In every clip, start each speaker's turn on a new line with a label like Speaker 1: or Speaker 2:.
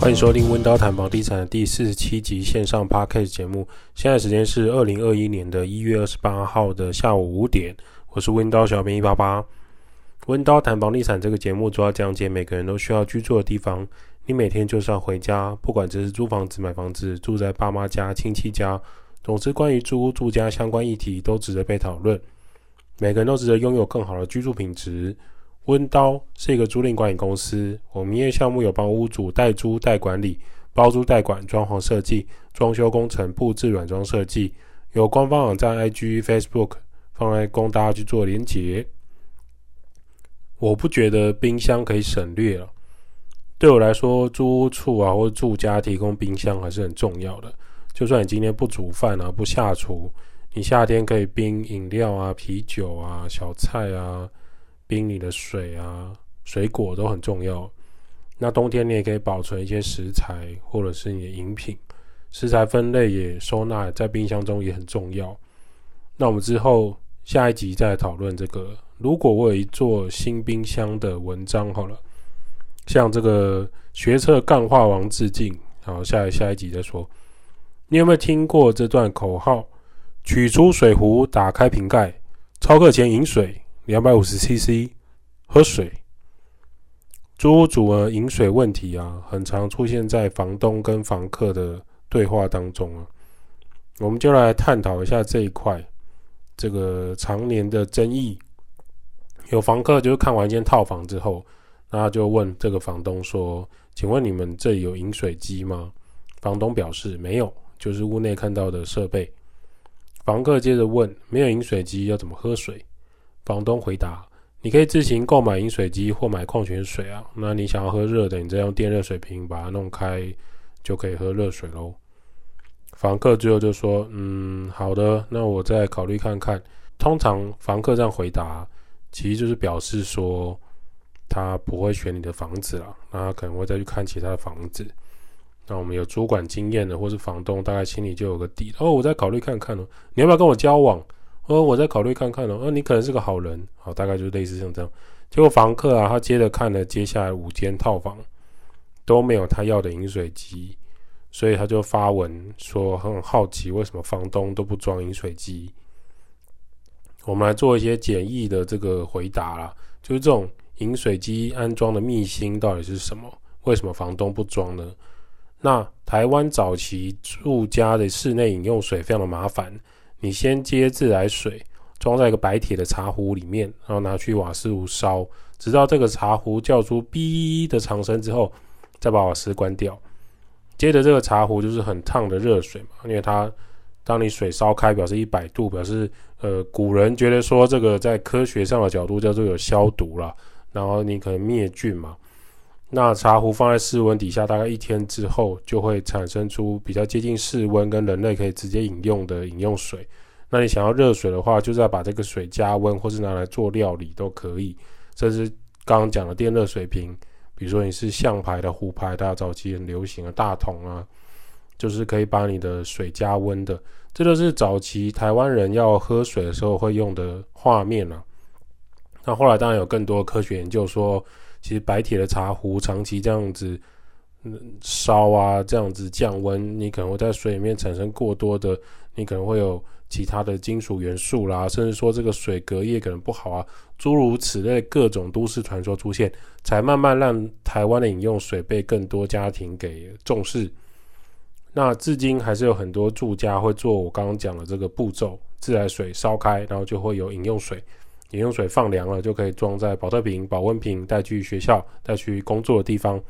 Speaker 1: 歡迎收聽《溫叨談房地產》的第四十七集線上 podcast 節目。現在的時間是二零二一年的一月二十八號的下午五點。我是溫叨小編一八八。溫叨談房地產這個節目主要講解每個人都需要居住的地方。你每天就是要回家，不管這是租房子、買房子、住在爸媽家、親戚家，總之關於租屋、住家相關議題都值得被討論。每個人都值得擁有更好的居住品質。溫叨是一個租賃管理公司，我們營業項目有幫屋主代租代管理、包租代管、裝潢設計、裝修工程、佈置軟裝設計。有官方網站、IG、Facebook，放在供大家去做連結。我不覺得冰箱可以省略了，對我來說，租屋處啊或者住家提供冰箱還是很重要的。就算你今天不煮飯啊，不下廚，你夏天可以冰飲料啊、啤酒啊、小菜啊。冰裡的水啊，水果都很重要。那冬天你也可以保存一些食材或者是你的飲品。食材分類也收納在冰箱中也很重要。那我們之後下一集再討論這個。如果我有一座新冰箱的文章好了，向這個學測幹話王致敬。然後下下一集再說。你有沒有聽過這段口號？取出水壺，打開瓶蓋，操課前飲水。兩百五十 CC，喝水。租屋主的飲水問題啊，很常出現在房東跟房客的對話當中啊。我們就來探討一下這一塊，這個常年的爭議。有房客就是看完一間套房之後，那就問這個房東說：“請問你們這裡有飲水機嗎？”房東表示沒有，就是屋內看到的設備。房客接着問：“沒有飲水機要怎麼喝水？”房東回答：“你可以自行購買飲水機或買礦泉水啊。那你想要喝熱的，你再用電熱水瓶把它弄開，就可以喝熱水嘍。”房客最後就說：“嗯，好的，那我再考慮看看。”通常房客這樣回答，其實就是表示說他不會選你的房子了，那他可能會再去看其他的房子。那我們有租管經驗的或是房東，大概心裡就有個底。哦，我再考慮看看嘍、哦，你要不要跟我交往？以、哦，我再考慮看看嘍、哦。哦，啊，你可能是個好人，好，大概就是類似像這樣。結果房客啊，他接着看了接下來五間套房，都沒有他要的飲水機，所以他就發文說很好奇，為什麼房東都不裝飲水機？我們來做一些簡易的這個回答啦，就是這種飲水機安裝的秘辛到底是什麼？為什麼房東不裝呢？那台灣早期住家的室內飲用水非常的麻煩。你先接自來水，裝在一個白鐵的茶壺裡面，然後拿去瓦斯爐燒，直到這個茶壺叫出“嗶”的長聲之後，再把瓦斯關掉。接着這個茶壺就是很燙的熱水嘛，因為它當你水燒開，表示一百度，表示呃古人覺得說這個在科學上的角度叫做有消毒啦，然後你可能滅菌嘛。那茶壺放在室溫底下，大概一天之後，就會產生出比較接近室溫跟人類可以直接飲用的飲用水。那你想要熱水的話，就是要把這個水加溫，或是拿來做料理都可以。甚至剛剛講的電熱水瓶，比如說你是象牌的虎牌，大家早期很流行的大桶啊，就是可以把你的水加溫的。這就是早期台灣人要喝水的時候會用的畫面了啊。那後來當然有更多科學研究說。其實白鐵的茶壺長期這樣子燒啊，這樣子降溫，你可能會在水裡面產生過多的，你可能會有其他的金屬元素啦，甚至說這個水隔夜可能不好啊，諸如此類各種都市傳說出現，才慢慢讓台灣的飲用水被更多家庭給重視。那至今還是有很多住家會做我剛剛講的這個步驟，自來水燒開，然後就會有飲用水。飲用水放涼了就可以裝在保特瓶、保溫瓶，帶去學校，帶去工作的地方。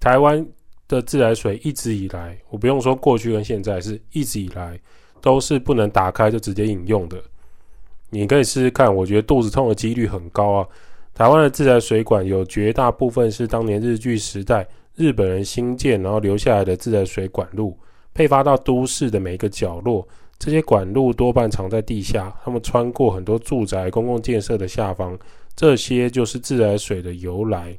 Speaker 1: 台灣的自來水一直以來，我不用說過去跟現在，是一直以來都是不能打開就直接飲用的。你可以試試看，我覺得肚子痛的幾率很高啊。台灣的自來水管有絕大部分是當年日據時代日本人興建然後留下來的自來水管路，配發到都市的每一個角落。這些管路多半藏在地下，它們穿過很多住宅、公共建設的下方。這些就是自來水的由來，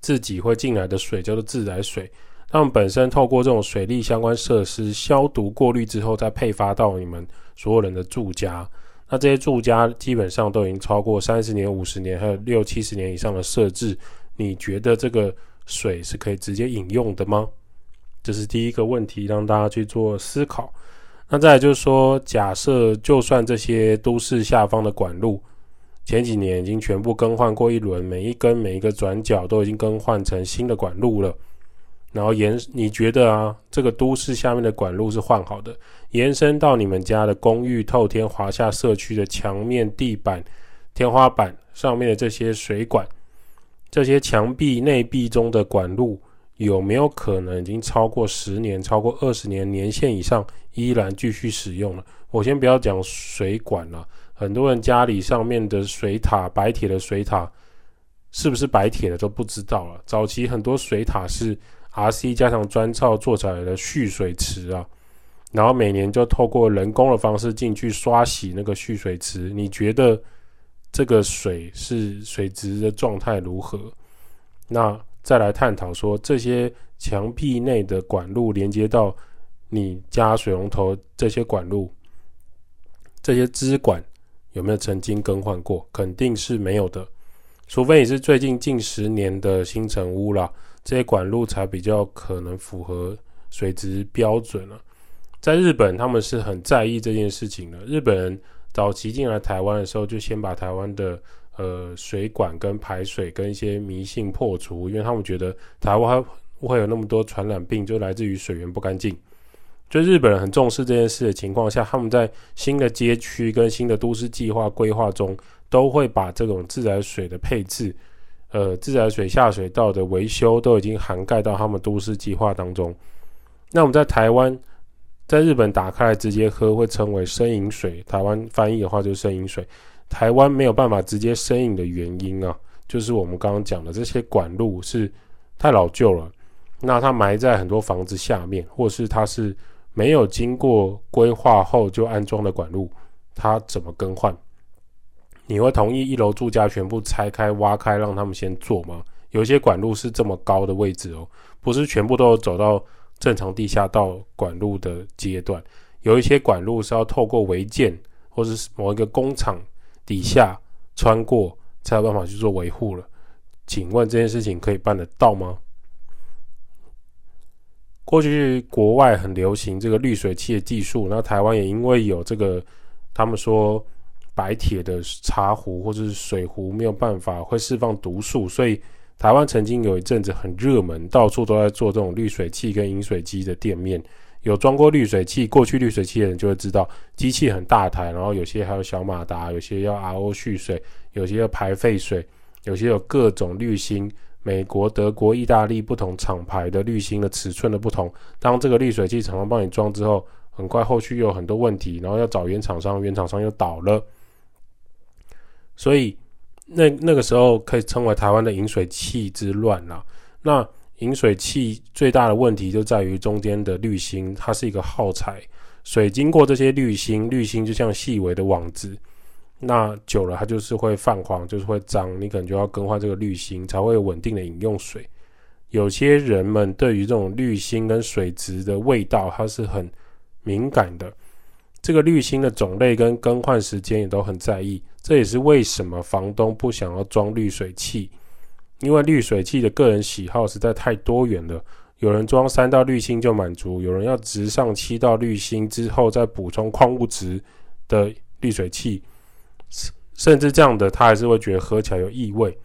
Speaker 1: 自己會進來的水叫做自來水。它們本身透過這種水利相關設施消毒、過濾之後，再配發到你們所有人的住家。那這些住家基本上都已經超過三十年、五十年，還有六七十年以上的設置。你覺得這個水是可以直接飲用的嗎？這是第一個問題，讓大家去做思考。那再來就是說，假設就算這些都市下方的管路前幾年已經全部更換過一輪，每一根、每一個轉角都已經更換成新的管路了，然後延，你覺得啊，這個都市下面的管路是換好的，延伸到你們家的公寓、透天、華廈社區的牆面、地板、天花板上面的這些水管、這些牆壁內壁中的管路。有沒有可能已經超過十年，超過二十年年限以上，依然繼續使用了？我先不要講水管了，很多人家裡上面的水塔、白鐵的水塔，是不是白鐵的都不知道了。早期很多水塔是 RC 加上磚造做出來的蓄水池啊，然後每年就透過人工的方式進去刷洗那個蓄水池。你覺得這個水是水質的狀態如何？那？再來探討說，這些牆壁內的管路連接到你家水龍頭這些管路，這些支管有沒有曾經更換過？肯定是沒有的，除非你是最近近十年的新成屋啦，這些管路才比較可能符合水質標準了啊。在日本，他們是很在意這件事情的。日本人早期進來台灣的時候，就先把台灣的呃，水管跟排水跟一些迷信破除，因為他們覺得台灣還會有那麼多傳染病，就來自於水源不乾淨。就日本人很重視這件事的情況下，他們在新的街區跟新的都市計劃規劃中，都會把這種自來水的配置，呃，自來水下水道的維修都已經涵蓋到他們都市計劃當中。那我們在台灣，在日本打開來直接喝會稱為生飲水，台灣翻譯的話就是生飲水。台灣沒有辦法直接生飲的原因啊，就是我們剛剛講的這些管路是太老舊了。那它埋在很多房子下面，或是它是沒有經過規劃後就安裝的管路，它怎麼更換？你會同意一樓住家全部拆開挖開，讓他們先做嗎？有一些管路是這麼高的位置哦，不是全部都走到正常地下道管路的階段。有一些管路是要透過違建或是某一個工廠。底下穿過才有辦法去做維護了，請問這件事情可以辦得到嗎？過去國外很流行這個濾水器的技術，那台灣也因為有這個，他們說白鐵的茶壺或者是水壺沒有辦法會釋放毒素，所以台灣曾經有一陣子很熱門，到處都在做這種濾水器跟飲水機的店面。有裝過濾水器，過去濾水器的人就會知道，機器很大台，然後有些還有小馬達，有些要 RO 蓄水，有些要排廢水，有些有各種濾芯，美國、德國、意大利不同廠牌的濾芯的尺寸的不同。當這個濾水器廠商幫你裝之後，很快後續又有很多問題，然後要找原廠商，原廠商又倒了，所以那那個時候可以稱為台灣的飲水器之亂了啊。那飲水器最大的問題就在於中間的濾芯，它是一個耗材，水經過這些濾芯，濾芯就像細微的網子，那久了它就是會泛黃，就是會髒，你可能就要更換這個濾芯，才會有穩定的飲用水。有些人們對於這種濾芯跟水質的味道，它是很敏感的，這個濾芯的種類跟更換時間也都很在意，這也是為什麼房東不想要裝濾水器。因為濾水器的個人喜好實在太多元了，有人裝三道濾芯就滿足，有人要直上七道濾芯之後再補充礦物質的濾水器，甚甚至這樣的他還是會覺得喝起來有異味。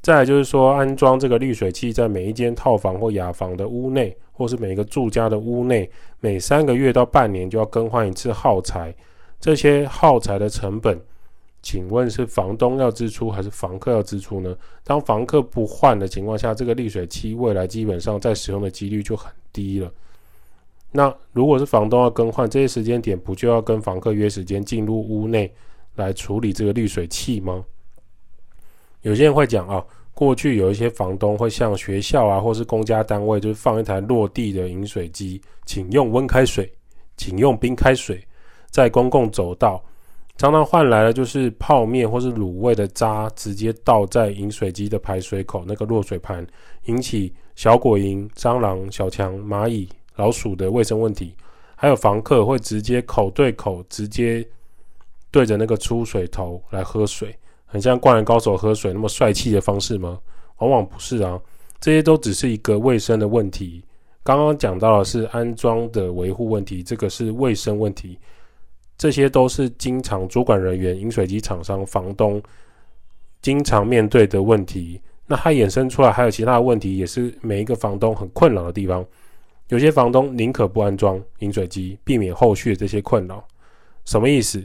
Speaker 1: 再來就是說，安裝這個濾水器在每一間套房或雅房的屋內，或是每一個住家的屋內，每三個月到半年就要更換一次耗材，這些耗材的成本。請問是房東要支出還是房客要支出呢？當房客不換的情況下，這個濾水器未來基本上在使用的幾率就很低了。那如果是房東要更換，這些時間點不就要跟房客約時間進入屋內來處理這個濾水器嗎？有些人會講啊，過去有一些房東會向學校啊，或是公家單位，就是放一台落地的飲水機，請用溫開水，請用冰開水，在公共走道。常常換來的就是泡麵或是滷味的渣，直接倒在飲水機的排水口那個落水盤，引起小果蠅、蟑螂、小強、螞蟻、老鼠的衛生問題。還有房客會直接口對口，直接對着那個出水頭來喝水，很像灌籃高手喝水那麼帥氣的方式嗎？往往不是啊，這些都只是一個衛生的問題。剛剛講到的是安裝的維護問題，這個是衛生問題。這些都是經常主管人員、飲水機廠商、房東經常面對的問題。那它衍生出來還有其他的問題，也是每一個房東很困擾的地方。有些房東寧可不安裝飲水機，避免後續的這些困擾。什麼意思？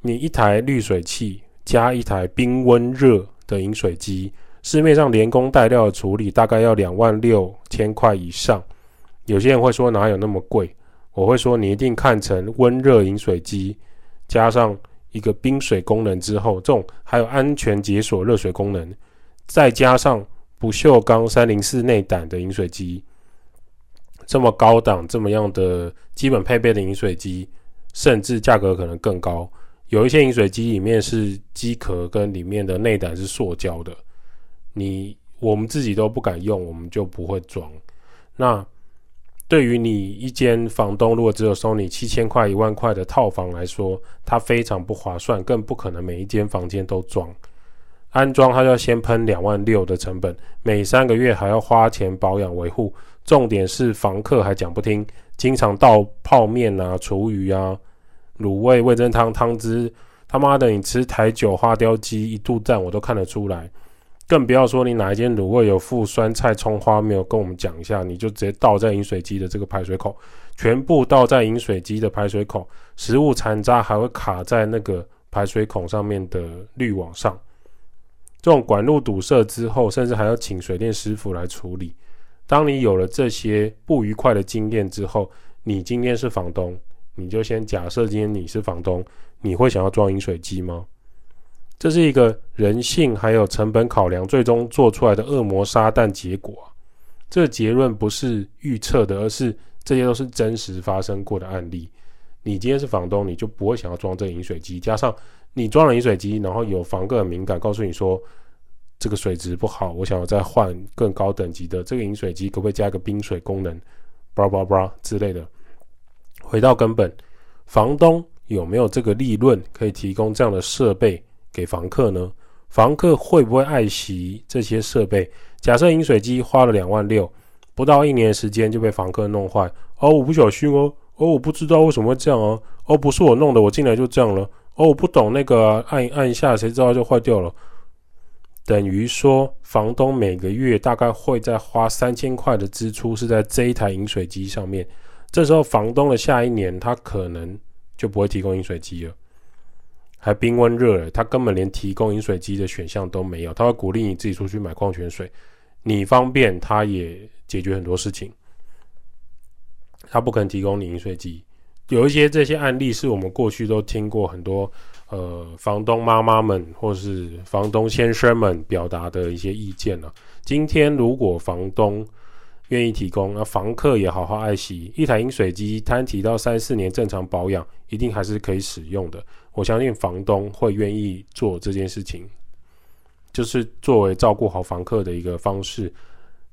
Speaker 1: 你一台濾水器加一台冰溫熱的飲水機，市面上連工帶料的處理大概要兩萬六千塊以上。有些人會說，哪有那麼貴？我會說，你一定看成溫熱飲水機，加上一個冰水功能之後，這種還有安全解鎖熱水功能，再加上不鏽鋼三零四內膽的飲水機，這麼高檔，這麼樣的基本配備的飲水機，甚至價格可能更高。有一些飲水機裡面是機殼跟裡面的內膽是塑膠的，你我們自己都不敢用，我們就不會裝。那。對於你一間房東，如果只有收你七千塊、一萬塊的套房來說，它非常不划算，更不可能每一間房間都裝。安裝它就要先噴兩萬六的成本，每三個月還要花錢保養維護。重點是房客還講不聽，經常倒泡麵啊、廚餘啊、滷味、味噌湯湯汁，他媽的，你吃台酒花雕雞一肚贊我都看得出來。更不要說你哪一間滷味有附酸菜蔥花沒有，跟我們講一下，你就直接倒在飲水機的這個排水口，全部倒在飲水機的排水口，食物殘渣還會卡在那個排水孔上面的濾網上，這種管路堵塞之後，甚至還要請水電師傅來處理。當你有了這些不愉快的經驗之後，你今天是房東，你就先假設今天你是房東，你會想要裝飲水機嗎？這是一個人性還有成本考量最終做出來的惡魔殺蛋結果。這個結論不是預測的，而是這些都是真實發生過的案例。你今天是房東，你就不會想要裝這個飲水機。加上你裝了飲水機，然後有房客很敏感，告訴你說這個水質不好，我想要再換更高等級的這個飲水機，可不可以加一個冰水功能？bra bra bra 之類的。回到根本，房東有沒有這個利潤可以提供這樣的設備？給房客呢？房客會不會愛惜這些設備？假設飲水機花了兩萬六，不到一年時間就被房客弄壞。哦，我不小心哦，哦，我不知道為什麼會這樣哦、啊，哦，不是我弄的，我進來就這樣了。哦，我不懂那個、啊，按按一下，誰知道就壞掉了。等於說，房東每個月大概會再花三千塊的支出是在這一台飲水機上面。這時候，房東的下一年他可能就不會提供飲水機了。還冰溫熱了，他根本連提供飲水機的選項都沒有。他會鼓勵你自己出去買礦泉水，你方便，他也解決很多事情。他不肯提供你飲水機，有一些這些案例是我們過去都聽過很多，呃，房東媽媽們或是房東先生們表達的一些意見了、啊。今天如果房東，願意提供，那房客也好好愛惜一台飲水機。攤提到三四年正常保養，一定還是可以使用的。我相信房東會願意做這件事情，就是作為照顧好房客的一個方式。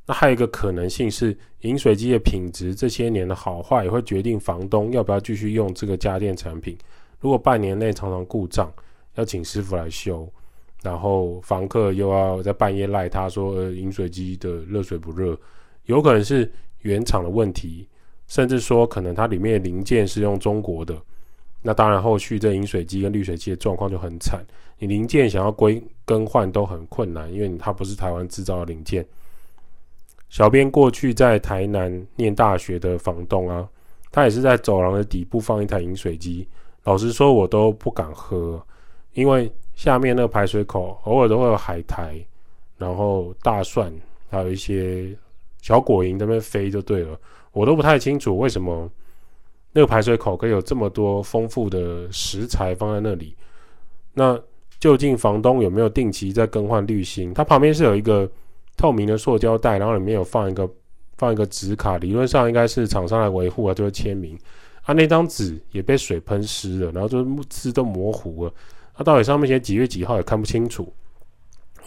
Speaker 1: 那還有一個可能性是，飲水機的品質這些年的好壞，也會決定房東要不要繼續用這個家電產品。如果半年內常常故障，要請師傅來修，然後房客又要在半夜賴他說，呃，飲水機的熱水不熱。有可能是原廠的問題，甚至說可能它裡面的零件是用中國的。那當然，後續這飲水機跟濾水器的狀況就很慘，你零件想要歸更換都很困難，因為它不是台灣製造的零件。小編過去在台南念大學的房東啊，他也是在走廊的底部放一台飲水機。老實說，我都不敢喝，因為下面那個排水口偶爾都會有海苔，然後大蒜，還有一些。小果蠅在那邊飛就對了，我都不太清楚為什麼那個排水口可以有這麼多豐富的食材放在那裡。那究竟房東有沒有定期在更換濾芯？它旁邊是有一個透明的塑膠袋，然後裡面有放一個放一個紙卡，理論上應該是廠商來維護啊，就會、是、簽名。啊，那張紙也被水噴濕了，然後就字都模糊了。啊，到底上面寫幾月幾號也看不清楚。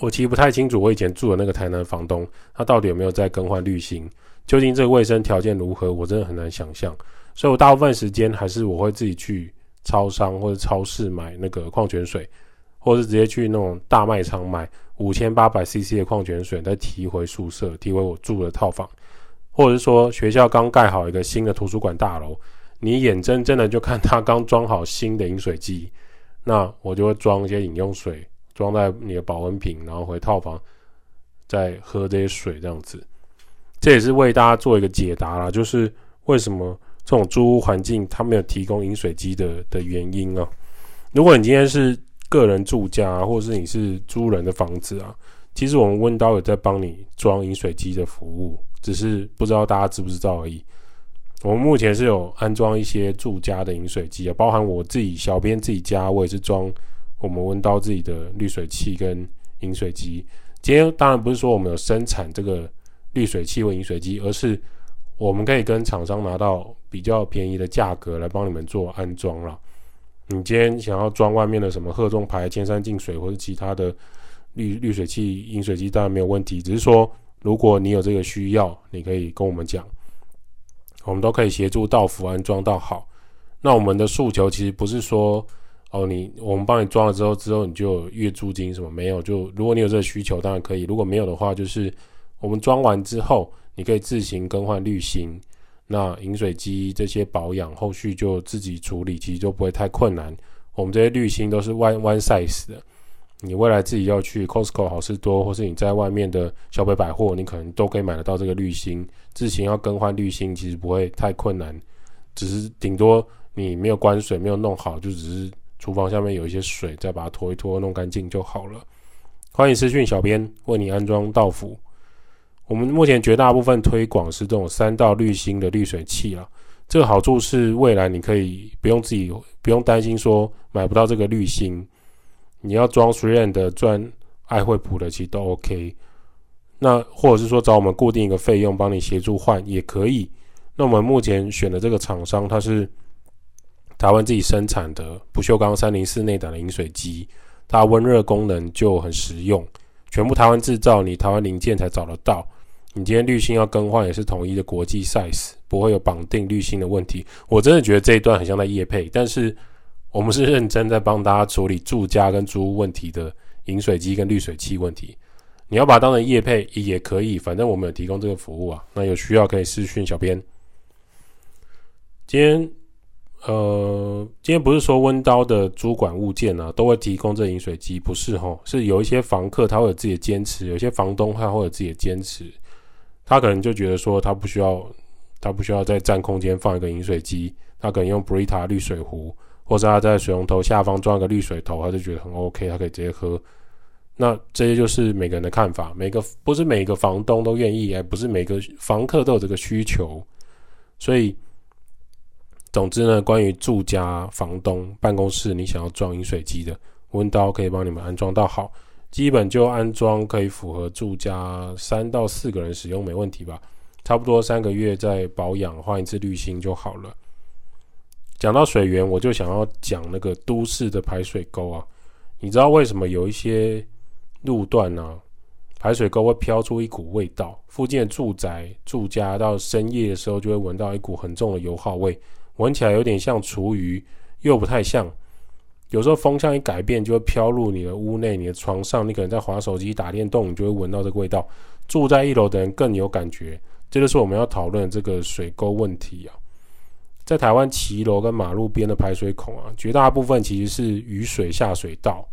Speaker 1: 我其實不太清楚，我以前住的那個台南房東，他到底有沒有在更換濾芯？究竟這個衛生條件如何？我真的很難想象所以我大部分時間還是我會自己去超商或者超市買那個礦泉水，或者直接去那種大賣場買五千八百 CC 的礦泉水，再提回宿舍，提回我住的套房，或者是說學校剛蓋好一個新的圖書館大樓，你眼睜睜的就看他剛裝好新的飲水機，那我就會裝一些飲用水。裝在你的保溫瓶，然後回套房再喝這些水，這樣子，這也是為大家做一個解答啦，就是為什麼這種租屋環境它沒有提供飲水機的的原因啊。如果你今天是個人住家，或者是你是租人的房子啊，其實我們溫叨有在幫你裝飲水機的服務，只是不知道大家知不知道而已。我們目前是有安裝一些住家的飲水機啊，包含我自己小編自己家，我也是裝。我們溫叨自己的濾水器跟飲水機，今天當然不是說我們有生產這個濾水器或飲水機，而是我們可以跟廠商拿到比較便宜的價格來幫你們做安裝啦。你今天想要裝外面的什麼賀眾牌、千山淨水，或是其他的濾濾水器、飲水機，當然沒有問題。只是說，如果你有這個需要，你可以跟我們講，我們都可以協助到府安裝到好。那我們的訴求其實不是說。哦，你我們幫你裝了之後，之後你就有月租金什麼沒有？就如果你有這個需求，當然可以；如果沒有的話，就是我們裝完之後，你可以自行更換濾芯。那飲水機這些保養後續就自己處理，其實就不會太困難。我們這些濾芯都是 one one size 的，你未來自己要去 Costco、好市多，或是你在外面的小北百貨，你可能都可以買得到這個濾芯。自行要更換濾芯，其實不會太困難，只是頂多你沒有關水，沒有弄好，就只是。廚房下面有一些水，再把它拖一拖，弄乾淨就好了。歡迎私訊小編為你安裝到府。我們目前絕大部分推廣是這種三道濾芯的濾水器了，啊。這個好處是未來你可以不用自己不用擔心說買不到這個濾芯，你要裝 FREN 的，裝愛惠浦的，其實都 OK。那或者是說找我們固定一個費用幫你協助換也可以。那我們目前選的這個廠商，它是。台灣自己生產的不鏽鋼三零四內膽的飲水機，它溫熱功能就很實用。全部台灣制造你，你台灣零件才找得到。你今天濾芯要更換，也是統一的國際 size，不會有綁定濾芯的問題。我真的覺得這一段很像在業配，但是我們是認真在幫大家處理住家跟租屋問題的飲水機跟濾水器問題。你要把它當成業配也可以，反正我們有提供這個服務啊。那有需要可以私訊小編。今天。呃，今天不是說溫叨的主管物件啊，都會提供這飲水機，不是哦，是有一些房客他會有自己的堅持，有一些房東他會有自己的堅持，他可能就覺得說他不需要，他不需要再佔空間放一個飲水機，他可能用 Brita 濾水壺，或者他在水龍頭下方裝一個濾水頭，他就覺得很 OK，他可以直接喝。那這些就是每個人的看法，每個不是每個房東都願意，哎，不是每個房客都有這個需求，所以。總之呢，關於住家、房東、辦公室，你想要裝飲水機的，溫叨可以幫你們安裝到好，基本就安裝可以符合住家三到四個人使用沒問題吧？差不多三個月再保養換一次濾芯就好了。講到水源，我就想要講那個都市的排水溝啊，你知道為什麼有一些路段呢、啊，排水溝會飄出一股味道，附近的住宅住家到深夜的時候就會聞到一股很重的油耗味。聞起來有點像廚餘，又不太像。有時候風向一改變，就會飄入你的屋內、你的床上。你可能在滑手機、打電動，你就會聞到這個味道。住在一樓的人更有感覺。這就是我們要討論這個水溝問題啊。在台灣騎樓跟馬路邊的排水孔啊，絕大部分其實是雨水下水道。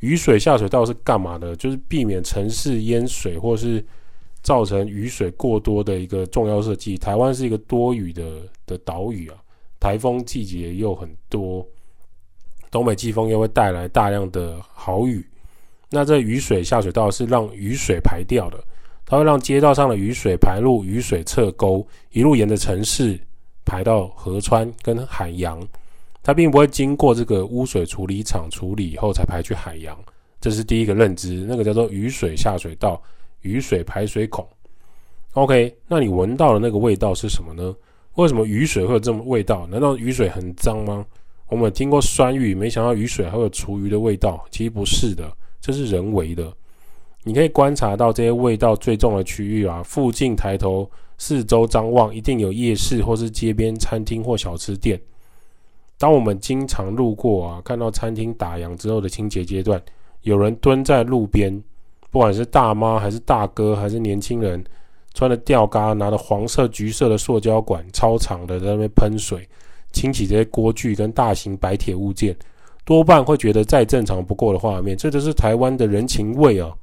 Speaker 1: 雨水下水道是幹嘛的？就是避免城市淹水，或是造成雨水過多的一個重要設計。台灣是一個多雨的的島嶼啊。台風季節又很多，東北季風又會帶來大量的豪雨。那這雨水下水道是讓雨水排掉的，它會讓街道上的雨水排入雨水側溝，一路沿着城市排到河川跟海洋。它並不會經過這個污水處理廠處理以後才排去海洋，這是第一個認知，那個叫做雨水下水道、雨水排水孔。OK，那你聞到的那個味道是什麼呢？為什麼雨水會有這種味道？難道雨水很髒嗎？我們聽過酸雨，沒想到雨水還有廚餘的味道。其實不是的，這是人為的。你可以觀察到這些味道最重的區域啊，附近抬頭四周張望，一定有夜市或是街邊餐廳或小吃店。當我們經常路過啊，看到餐廳打烊之後的清潔階段，有人蹲在路邊，不管是大媽還是大哥還是年輕人。穿着吊嘎，拿着黃色、橘色的塑膠管，超長的在那邊噴水，清洗這些鍋具跟大型白鐵物件，多半會覺得再正常不過的畫面。這就是台灣的人情味哦。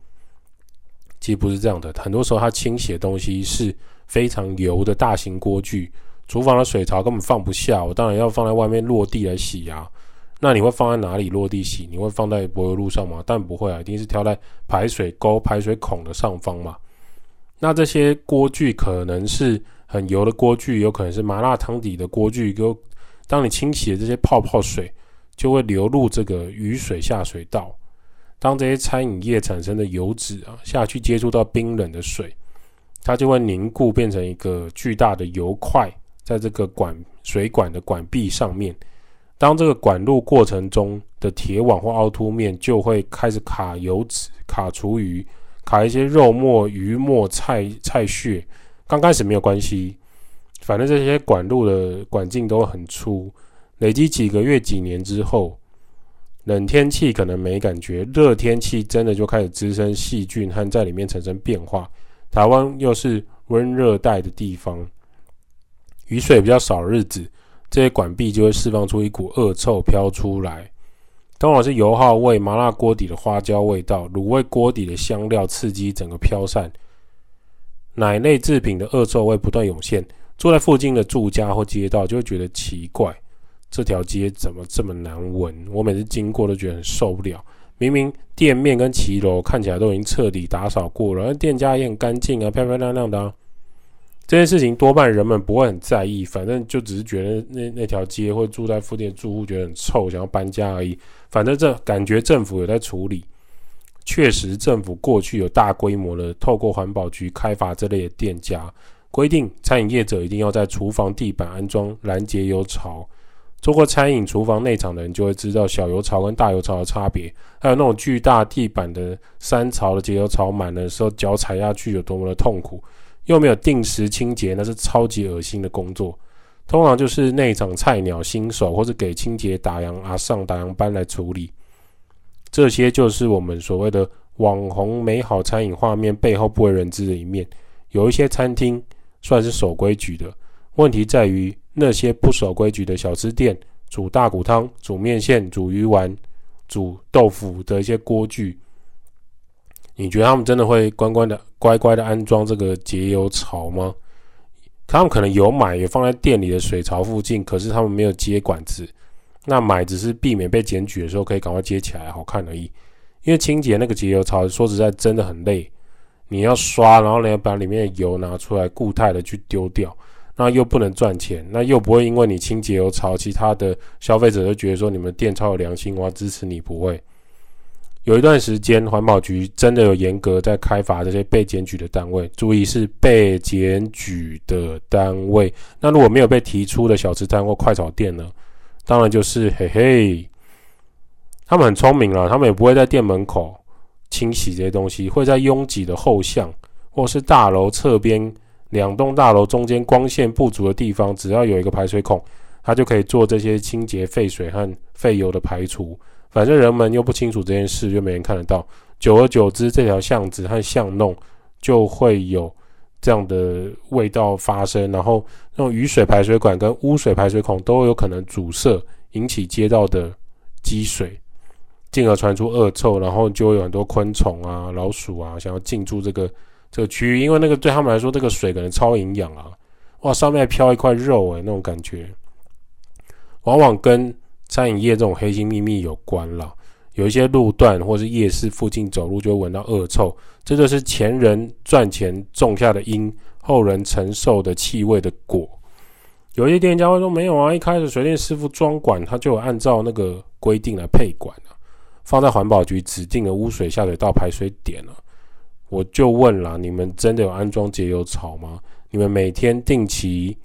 Speaker 1: 其實不是這樣的，很多時候它清洗的東西是非常油的大型鍋具，廚房的水槽根本放不下，我當然要放在外面落地來洗啊。那你會放在哪裡落地洗？你會放在柏油路上嗎？但不會啊，一定是挑在排水溝、排水孔的上方嘛。那這些鍋具可能是很油的鍋具，有可能是麻辣湯底的鍋具，當當你清洗的這些泡泡水，就會流入這個雨水下水道。當這些餐飲業產生的油脂啊下去接觸到冰冷的水，它就會凝固變成一個巨大的油塊，在這個管水管的管壁上面。當這個管路過程中的鐵網或凹凸面就會開始卡油脂、卡廚餘。卡一些肉末、魚末、菜菜屑，剛開始沒有關係，反正這些管路的管徑都很粗。累積幾個月、幾年之後，冷天氣可能沒感覺，熱天氣真的就開始滋生細菌和在裡面產生變化。台灣又是溫熱帶的地方，雨水比較少的日子，這些管壁就會釋放出一股惡臭飄出來。通常是油耗味、麻辣鍋底的花椒味道、滷味鍋底的香料刺激整個飄散，奶類製品的惡臭味不斷湧現。住在附近的住家或街道就會覺得奇怪，這條街怎麼這麼難聞？我每次經過都覺得很受不了。明明店面跟騎樓看起來都已經徹底打掃過了，店家也很乾淨啊，漂漂亮亮的啊。這件事情多半人們不會很在意，反正就只是覺得那那，那條街或住在附近的住戶覺得很臭，想要搬家而已。反正這感覺政府有在處理，確實政府過去有大規模的透過環保局開罰這類的店家，規定餐飲業者一定要在廚房地板安裝攔截油槽。做過餐飲廚房內場的人就會知道小油槽跟大油槽的差別，還有那種巨大地板的三槽的截油槽滿的時候腳踩下去有多麼的痛苦。又沒有定時清潔，那是超級噁心的工作。通常就是那場菜鳥、新手，或是給清潔打烊啊、上打烊班來處理。這些就是我們所謂的網紅美好餐飲畫面背後不為人知的一面。有一些餐廳算是守規矩的，問題在於那些不守規矩的小吃店，煮大骨湯、煮麵線、煮魚丸、煮豆腐的一些鍋具。你覺得他們真的會乖乖的乖乖的安裝這個節油槽嗎？他們可能有買，也放在店裡的水槽附近，可是他們沒有接管子。那買只是避免被檢舉的時候可以趕快接起來好看而已。因為清潔那個節油槽，說實在真的很累，你要刷，然後你要把裡面的油拿出來固態的去丟掉，那又不能賺錢，那又不會因為你清潔油槽，其他的消費者就覺得說你們店超有良心，我要支持你，不會。有一段時間，環保局真的有嚴格在開罰這些被檢舉的單位。注意是被檢舉的單位。那如果沒有被提出的小吃攤或快炒店呢？當然就是嘿嘿，他們很聰明啦，他們也不會在店門口清洗這些東西，會在擁擠的後巷或是大樓側邊，兩棟大樓中間光線不足的地方，只要有一個排水孔，他就可以做這些清潔廢水和廢油的排除。反正人們又不清楚這件事，就沒人看得到。久而久之，這條巷子和巷弄就會有這樣的味道發生，然後那種雨水排水管跟污水排水孔都有可能阻塞，引起街道的積水，進而傳出惡臭。然後就會有很多昆蟲啊、老鼠啊想要進駐這個這個區域，因為那個對他們來說，這個水可能超營養啊，哇，上面還飄一塊肉誒、哎，那種感覺，往往跟。餐飲業這種黑心秘密有關了，有一些路段或是夜市附近走路就會聞到惡臭，這就是前人賺錢種下的因，後人承受的氣味的果。有一些店家會說沒有啊，一開始水電師傅裝管，他就有按照那個規定來配管了。啊，放在環保局指定的污水下水道排水點了。啊，我就問啦，你們真的有安裝截油槽嗎？你們每天定期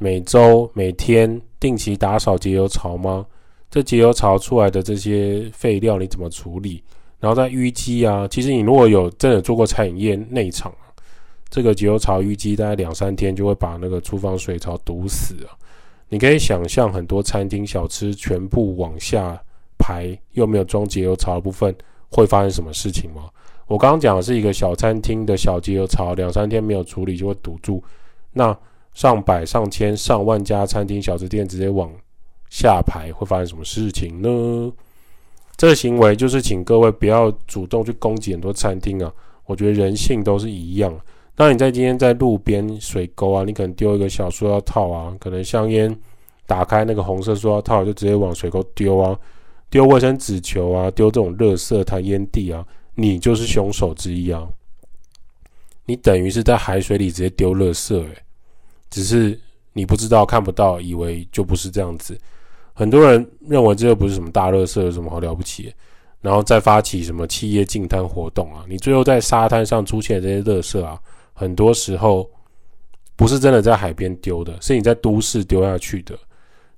Speaker 1: 每週每天定期打掃節油槽嗎？這節油槽出來的這些廢料你怎麼處理？然後在淤積啊，其實你如果有真的做過餐飲業內場，這個節油槽淤積大概兩三天就會把那個廚房水槽堵死啊。你可以想象很多餐廳小吃全部往下排，又沒有裝節油槽的部分，會發生什麼事情嗎？我剛剛講的是一個小餐廳的小節油槽，兩三天沒有處理就會堵住，那。上百、上千、上萬家餐廳、小吃店直接往下排，會發生什麼事情呢？這個行為就是請各位不要主動去攻擊很多餐廳啊！我覺得人性都是一樣。那你在今天在路邊水溝啊，你可能丟一個小塑料套啊，可能香菸打開那個紅色塑料套就直接往水溝丟啊，丟衛生紙球啊，丟這種垃圾、它菸蒂啊，你就是兇手之一啊！你等於是在海水裡直接丟垃圾，欸，誒。只是你不知道、看不到，以為就不是這樣子。很多人認為這又不是什麼大垃圾，有什麼好了不起？然後再發起什麼企業淨灘活動啊？你最後在沙灘上出現這些垃圾啊，很多時候不是真的在海邊丟的，是你在都市丟下去的。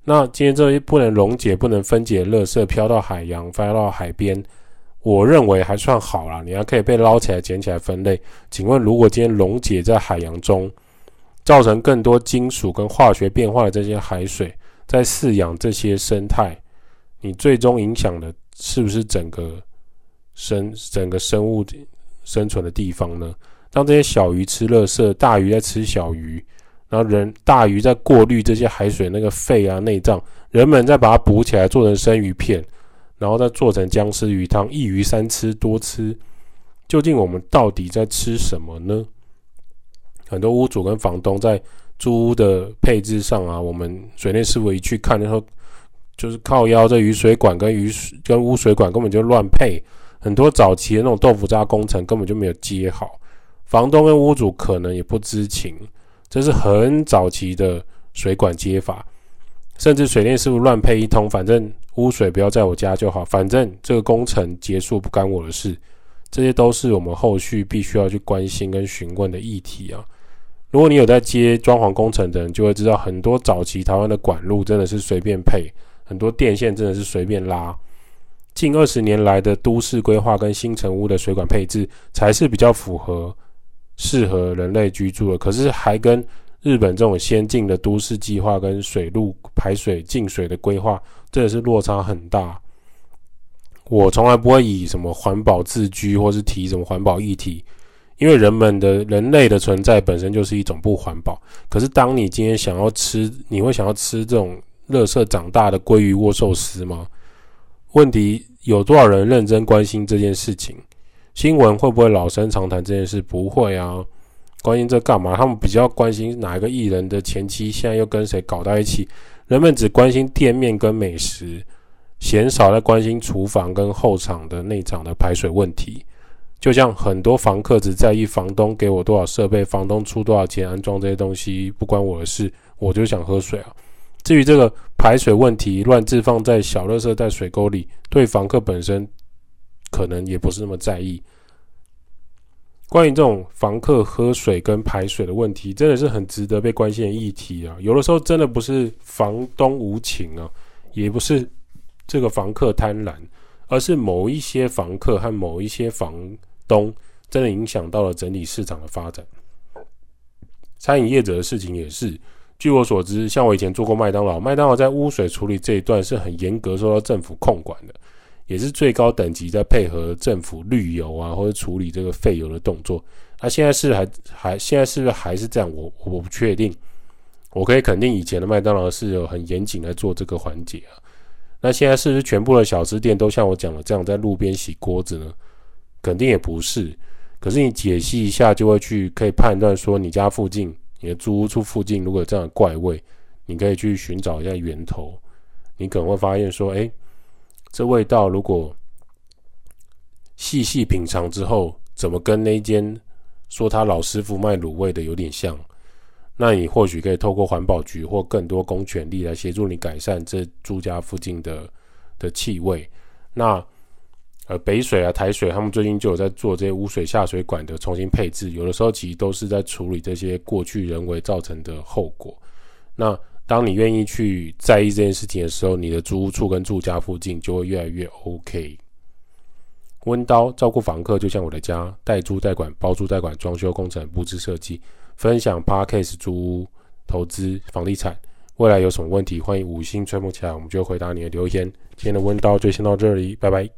Speaker 1: 那今天這些不能溶解、不能分解的垃圾飄到海洋、翻到海邊，我認為還算好啦。你還可以被撈起來、撿起來分類。請問，如果今天溶解在海洋中，造成更多金屬跟化學變化的這些海水，在飼養這些生態，你最終影響的，是不是整個生整個生物生存的地方呢？讓這些小魚吃垃圾，大魚在吃小魚，然後人大魚在過濾這些海水那個肺啊、內臟，人們再把它捕起來做成生魚片，然後再做成薑絲魚湯，一魚三吃多吃，究竟我們到底在吃什麼呢？很多屋主跟房東在租屋的配置上啊，我們水電師傅一去看然後就是靠腰，這雨水管跟雨水跟污水管根本就亂配，很多早期的那種豆腐渣工程根本就沒有接好。房東跟屋主可能也不知情，這是很早期的水管接法，甚至水電師傅亂配一通，反正污水不要在我家就好，反正這個工程結束不干我的事，這些都是我們後續必須要去關心跟詢問的議題啊。如果你有在接裝潢工程的人，就會知道很多早期台灣的管路真的是隨便配，很多電線真的是隨便拉。近二十年來的都市規劃跟新成屋的水管配置，才是比較符合、適合人類居住的。可是還跟日本這種先進的都市計劃跟水路排水進水的規劃，真的是落差很大。我從來不會以什麼環保自居，或是提什麼環保議題。因為人們的人類的存在本身就是一種不環保。可是，當你今天想要吃，你會想要吃這種垃圾長大的鮭魚握壽司嗎？問題有多少人認真關心這件事情？新聞會不會老生常談這件事？不會啊，關心這幹嘛？他們比較關心哪一個藝人的前妻現在又跟誰搞到一起。人們只關心店面跟美食，鮮少在關心廚房跟後場的內場的排水問題。就像很多房客只在意房東給我多少設備，房東出多少錢安裝這些東西不關我的事，我就想喝水啊。至於這個排水問題，亂置放在小垃圾袋水溝裡，對房客本身可能也不是那麼在意。關於這種房客喝水跟排水的問題，真的是很值得被關心的議題啊。有的時候真的不是房東無情啊，也不是這個房客貪婪，而是某一些房客和某一些房東真的影響到了整體市場的發展。餐飲業者的事情也是，據我所知，像我以前做過麥當勞，麥當勞在污水處理這一段是很嚴格受到政府控管的，也是最高等級在配合政府濾油啊，或者處理這個廢油的動作。那現在是還還現在是不是還是這樣？我我不確定。我可以肯定以前的麥當勞是有很嚴謹來做這個環節啊。那現在是不是全部的小吃店都像我講的這樣在路邊洗鍋子呢？肯定也不是，可是你解析一下就會去可以判斷說，你家附近你的租屋處附近如果有這樣的怪味，你可以去尋找一下源頭，你可能會發現說，哎，這味道如果細細品嘗之後，怎麼跟那間說他老師傅賣滷、滷味的有點像？那你或許可以透過環保局或更多公權力來協助你改善這住家附近的的氣味。那呃，北水啊、台水，他們最近就有在做這些汙水下水管的重新配置，有的時候其實都是在處理這些過去人為造成的後果。那當你願意去在意這件事情的時候，你的租屋處跟住家附近就會越來越 OK。溫叨照顧房客，就像我的家，代租代管、包租代管、裝修工程、佈置設計，分享 Podcast 租屋投資房地產。未來有什麼問題，歡迎五星吹木起來，我們就回答你的留言。今天的溫叨就先到這裡，拜拜。